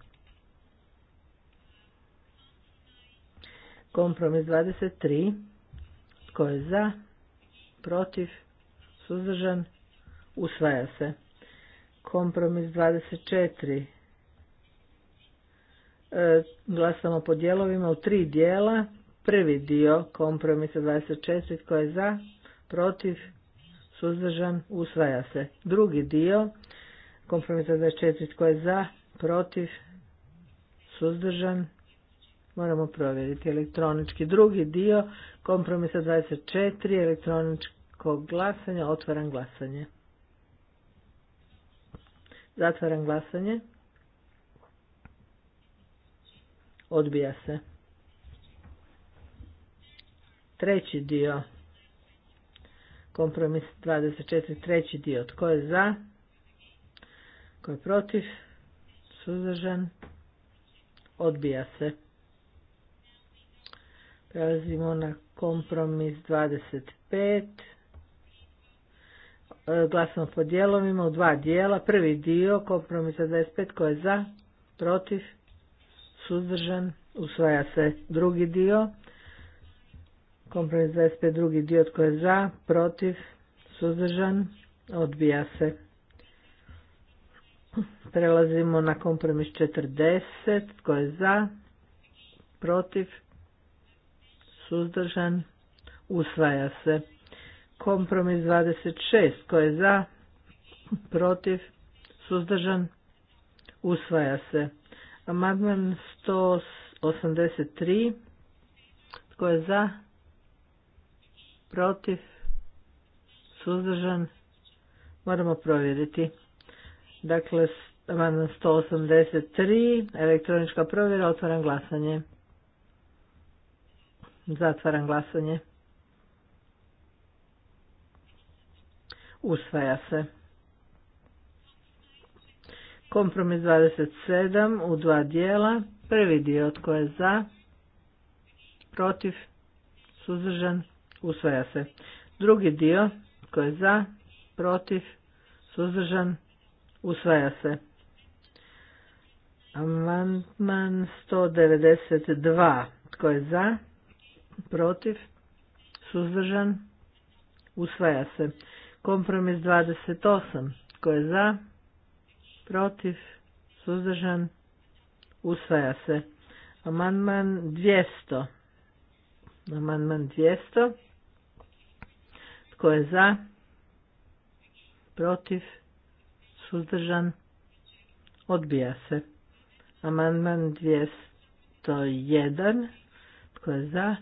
Kompromis 23. Tko je za? Protiv? Suzdržan? Usvaja se. Kompromis 24. E, glasamo po dijelovima u tri dijela. Prvi dio kompromisa 24. Tko je za? Protiv? suzdržan, usvaja se. Drugi dio, kompromisa 24, tko je za, protiv, suzdržan, moramo provjeriti elektronički. Drugi dio, kompromisa 24, elektroničkog glasanje, otvaram glasanje. Zatvaram glasanje. Odbija se. Treći dio, Kompromis 24. treći dio. Tko je za? Tko je protiv? Suzdržan? Odbija se. Prelazimo na kompromis 25. E, glasamo po dijelovima u dva dijela. Prvi dio kompromisa 25 tko je za, protiv, suzdržan, usvaja se drugi dio Kompromis 25 drugi dio tko je za, protiv, suzdržan, odbija se. Prelazimo na kompromis 40 tko je za, protiv, suzdržan, usvaja se. Kompromis 26 tko je za, protiv, suzdržan, usvaja se. Amandman 183 tko je za, protiv, suzdržan, moramo provjeriti. Dakle, amandman 183, elektronička provjera, otvaram glasanje. Zatvaram glasanje. Usvaja se. Kompromis 27 u dva dijela. Prvi dio tko je za, protiv, suzdržan, usvaja se. Drugi dio, tko je za, protiv, suzdržan, usvaja se. Amandman 192, tko je za, protiv, suzdržan, usvaja se. Kompromis 28, tko je za, protiv, suzdržan, usvaja se. Amandman 200, amandman 200, tko je za? Protiv? Suzdržan? Odbija se. Amandman 201. Tko je za?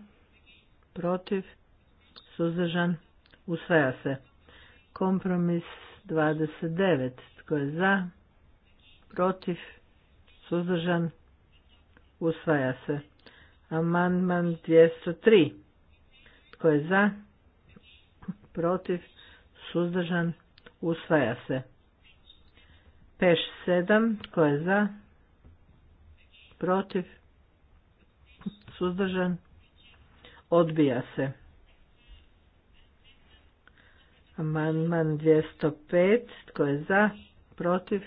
Protiv? Suzdržan? Usvaja se. Kompromis 29. Tko je za? Protiv? Suzdržan? Usvaja se. Amandman 203. Tko je za? protiv, suzdržan, usvaja se. Peš 7, tko je za, protiv, suzdržan, odbija se. Amandman 205, tko je za, protiv,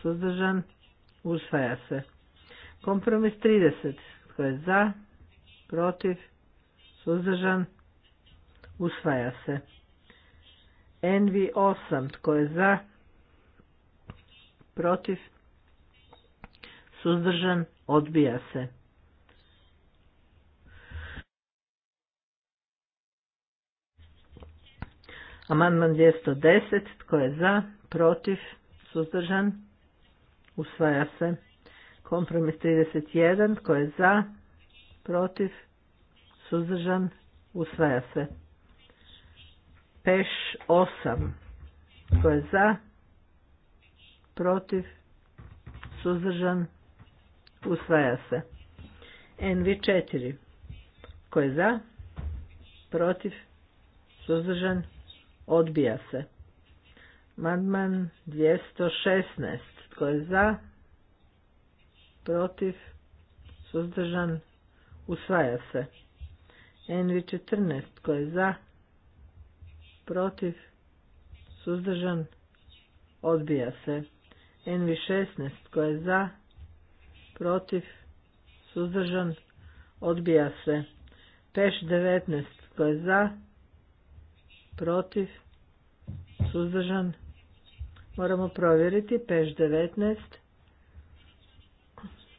suzdržan, usvaja se. Kompromis 30, tko je za, protiv, suzdržan, usvaja se. Envi 8 tko je za, protiv, suzdržan, odbija se. Amandman 210, tko je za, protiv, suzdržan, usvaja se. Kompromis 31, tko je za, protiv, suzdržan, usvaja se. Peš 8. Tko je za? Protiv? Suzdržan? Usvaja se. NV4. Tko je za? Protiv? Suzdržan? Odbija se. Madman 216. Tko je za? Protiv? Suzdržan? Usvaja se. NV14. Tko je za? protiv, suzdržan, odbija se. NV16 tko je za, protiv, suzdržan, odbija se. Peš 19 tko je za, protiv, suzdržan, moramo provjeriti. Peš 19,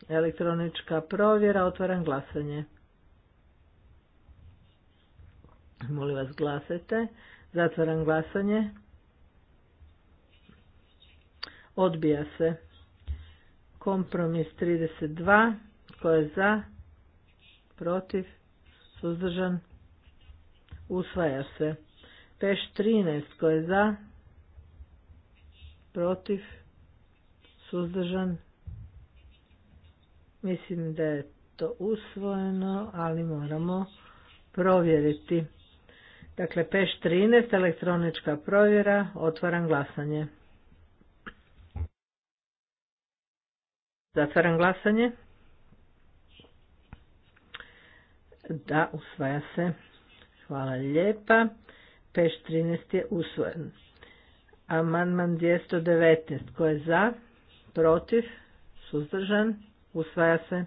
elektronička provjera, otvaram glasanje. Molim vas glasajte. Zatvaram glasanje. Odbija se. Kompromis 32. Tko je za? Protiv? Suzdržan? Usvaja se. Peš 13. Tko je za? Protiv? Suzdržan? Mislim da je to usvojeno, ali moramo provjeriti. Dakle, peš 13, elektronička provjera, otvaram glasanje. Zatvaram glasanje. Da, usvaja se. Hvala lijepa. Peš 13 je usvojen. Amandman 219. Ko je za? Protiv? Suzdržan? Usvaja se.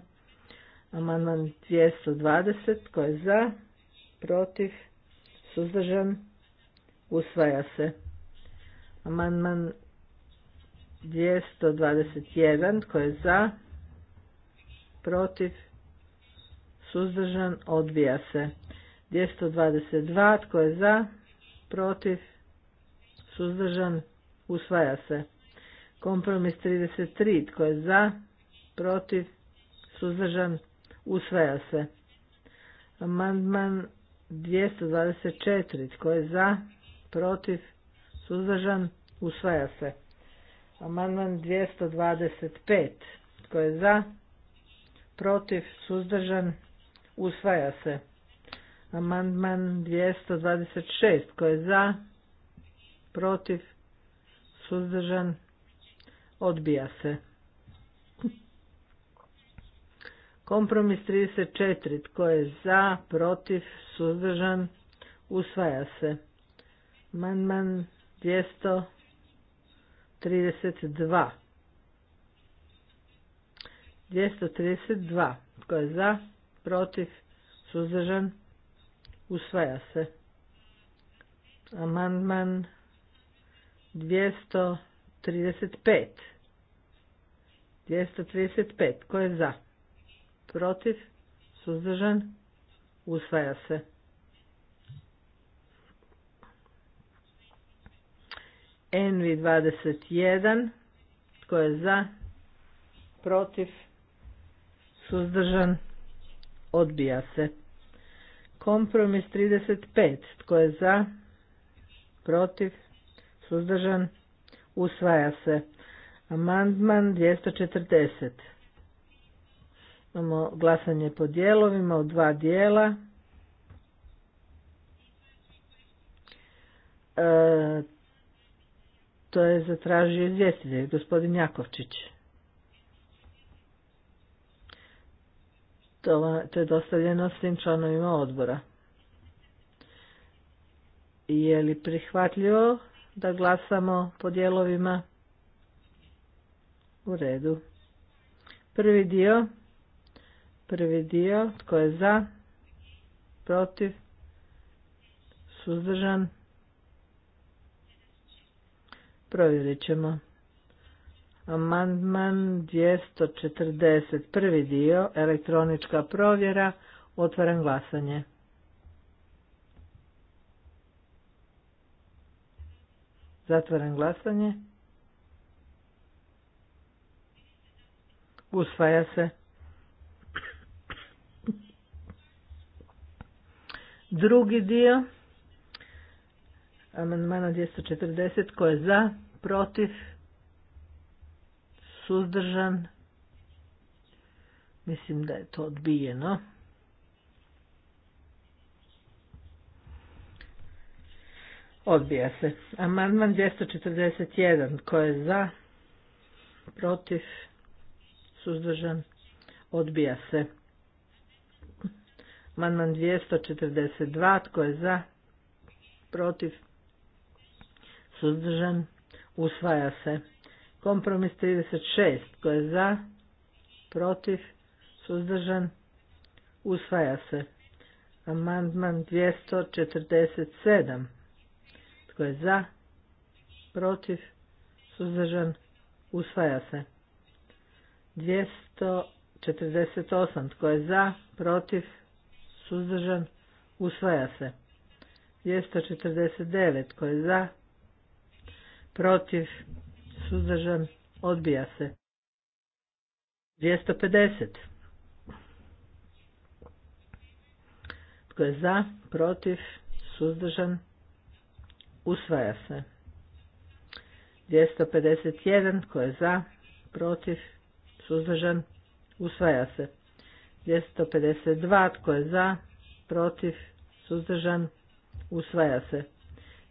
Amandman 220. Ko je za? Protiv? suzdržan, usvaja se. Amandman 221, tko je za, protiv, suzdržan, odbija se. 222, tko je za, protiv, suzdržan, usvaja se. Kompromis 33, tko je za, protiv, suzdržan, usvaja se. Amandman 224. Tko je za? Protiv? Suzdržan? Usvaja se. Amandman 225. Tko je za? Protiv? Suzdržan? Usvaja se. Amandman 226. Tko je za? Protiv? Suzdržan? Odbija se. Kompromis 34. Tko je za, protiv, suzdržan, usvaja se. Manman 232. 232. Tko je za, protiv, suzdržan, usvaja se. Amandman 235. 235. Tko je za? protiv, suzdržan, usvaja se. Envi 21, tko je za, protiv, suzdržan, odbija se. Kompromis 35, tko je za, protiv, suzdržan, usvaja se. Amandman 240. Imamo glasanje po dijelovima u dva dijela. E, to je zatražio izvjestitelj, gospodin Jakovčić. To, to je dostavljeno svim članovima odbora. Je li prihvatljivo da glasamo po dijelovima? U redu. Prvi dio. Prvi dio, tko je za, protiv, suzdržan. Provjerit ćemo. Amandman 240. Prvi dio, elektronička provjera, otvaram glasanje. Zatvaram glasanje. Usvaja se. Drugi dio amandmana 240 ko je za, protiv, suzdržan. Mislim da je to odbijeno. Odbija se. Amandman 241 ko je za, protiv, suzdržan. Odbija se. Amandman 242. Tko je za? Protiv? Suzdržan? Usvaja se. Kompromis 36. Tko je za? Protiv? Suzdržan? Usvaja se. Amandman 247. Tko je za? Protiv? Suzdržan? Usvaja se. 248. Tko je za? Protiv? suzdržan, usvaja se. 249 koji je za, protiv, suzdržan, odbija se. 250. Tko je za, protiv, suzdržan, usvaja se. 251. Tko je za, protiv, suzdržan, usvaja se. 252 tko je za, protiv, suzdržan, usvaja se.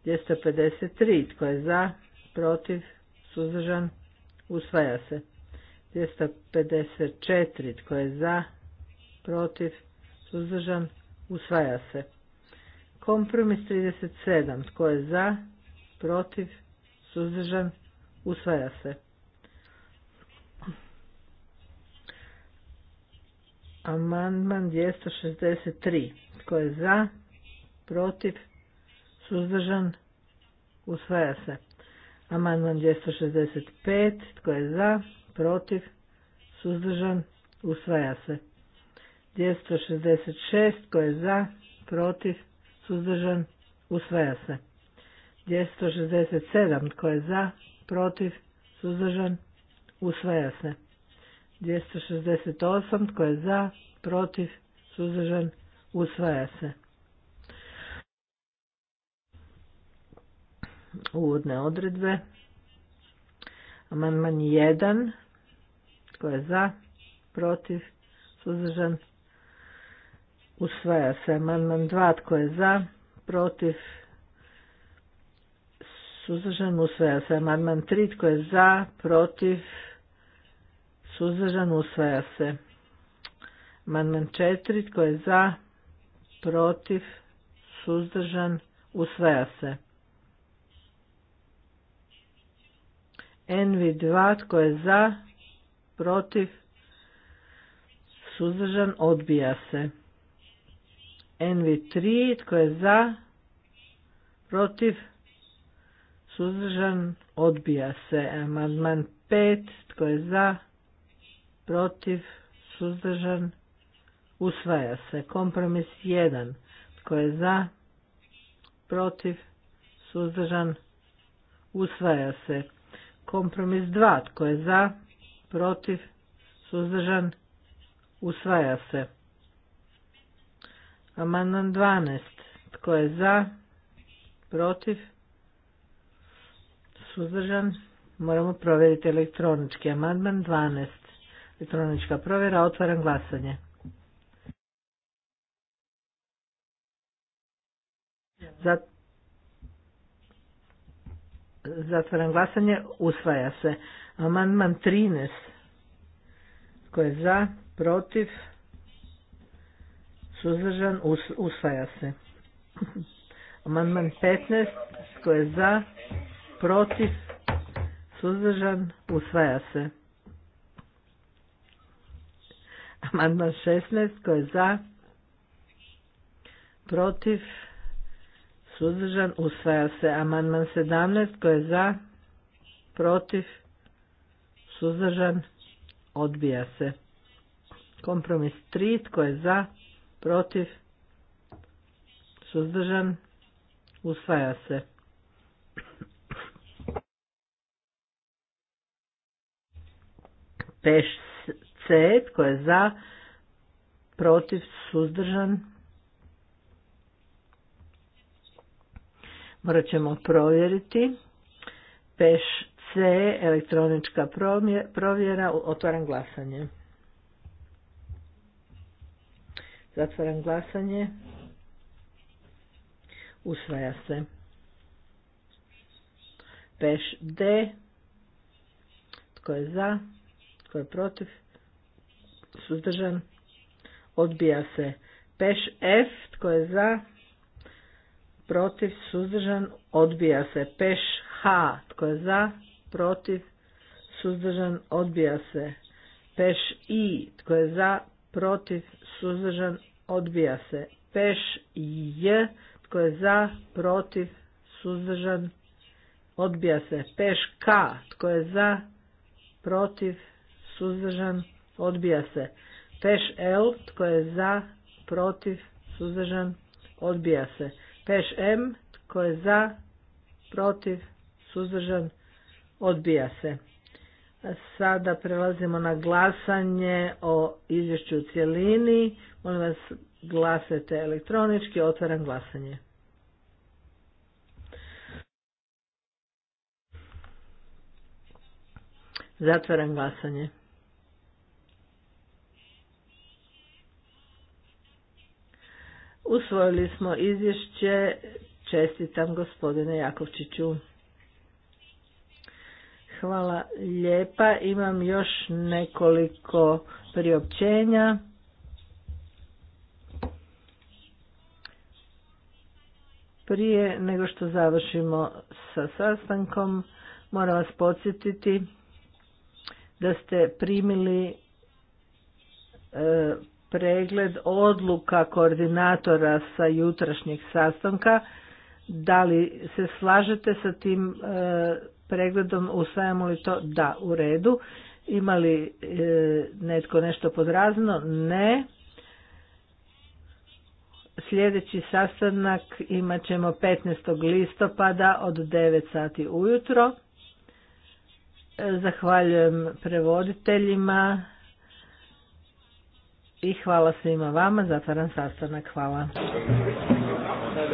253 tko je za, protiv, suzdržan, usvaja se. 254 tko je za, protiv, suzdržan, usvaja se. Kompromis 37 tko je za, protiv, suzdržan, usvaja se. Amandman 263. Tko je za? Protiv? Suzdržan? Usvaja se. Amandman 265. Tko je za? Protiv? Suzdržan? Usvaja se. 266. Tko je za? Protiv? Suzdržan? Usvaja se. 267. Tko je za? Protiv? Suzdržan? Usvaja se. 268. Tko je za? Protiv? Suzdržan? Usvaja se. Uvodne odredbe. Amandman 1. Tko je za? Protiv? Suzdržan? Usvaja se. Amandman 2. Tko je za? Protiv? Suzdržan? Usvaja se. Amandman 3. Tko je za? Protiv? Suzdržan usvaja se. Amandman četiri Tko je za? Protiv? Suzdržan? Usvaja se. Envi dva Tko je za? Protiv? Suzdržan? Odbija se. Envi 3 Tko je za? Protiv? Suzdržan? Odbija se. Amandman 5. Tko je za? protiv, suzdržan, usvaja se. Kompromis 1, tko je za, protiv, suzdržan, usvaja se. Kompromis 2, tko je za, protiv, suzdržan, usvaja se. Amandman 12, tko je za, protiv, suzdržan, moramo provjeriti elektronički. Amandman 12. Elektronička provjera, otvaram glasanje. Zat... Zatvaram glasanje, usvaja se. Amandman 13. Tko je za, protiv, suzdržan, usvaja se. Amandman 15. Tko je za, protiv, suzdržan, usvaja se. Amandman 16 koji je za, protiv, suzdržan, usvaja se. Amandman 17 koji je za, protiv, suzdržan, odbija se. Kompromis 3 tko je za, protiv, suzdržan, usvaja se. Peš C, tko je za, protiv, suzdržan. Morat ćemo provjeriti. Peš C, elektronička provjera, otvaram glasanje. Zatvaram glasanje. Usvaja se. Peš D. Tko je za? Tko je protiv? suzdržan, odbija se. Peš F, tko je za, protiv, suzdržan, odbija se. Peš H, tko je za, protiv, suzdržan, odbija se. Peš I, tko je za, protiv, suzdržan, odbija se. Peš J, tko je za, protiv, suzdržan, odbija se. Peš K, tko je za, protiv, suzdržan, odbija se. Peš L, tko je za, protiv, suzdržan, odbija se. Peš M, tko je za, protiv, suzdržan, odbija se. Sada prelazimo na glasanje o izvješću u cjelini. Molim vas glasajte elektronički, otvaram glasanje. Zatvaram glasanje. Usvojili smo izvješće, čestitam gospodine Jakovčiću. Hvala lijepa, imam još nekoliko priopćenja. Prije nego što završimo sa sastankom, moram vas podsjetiti da ste primili e, pregled odluka koordinatora sa jutrašnjeg sastanka. Da li se slažete sa tim e, pregledom, usvajamo li to? Da, u redu. Ima li e, netko nešto podrazno? Ne. Sljedeći sastanak imat ćemo 15. listopada od 9 sati ujutro. E, zahvaljujem prevoditeljima i hvala svima vama. Zatvaram sastanak. Hvala.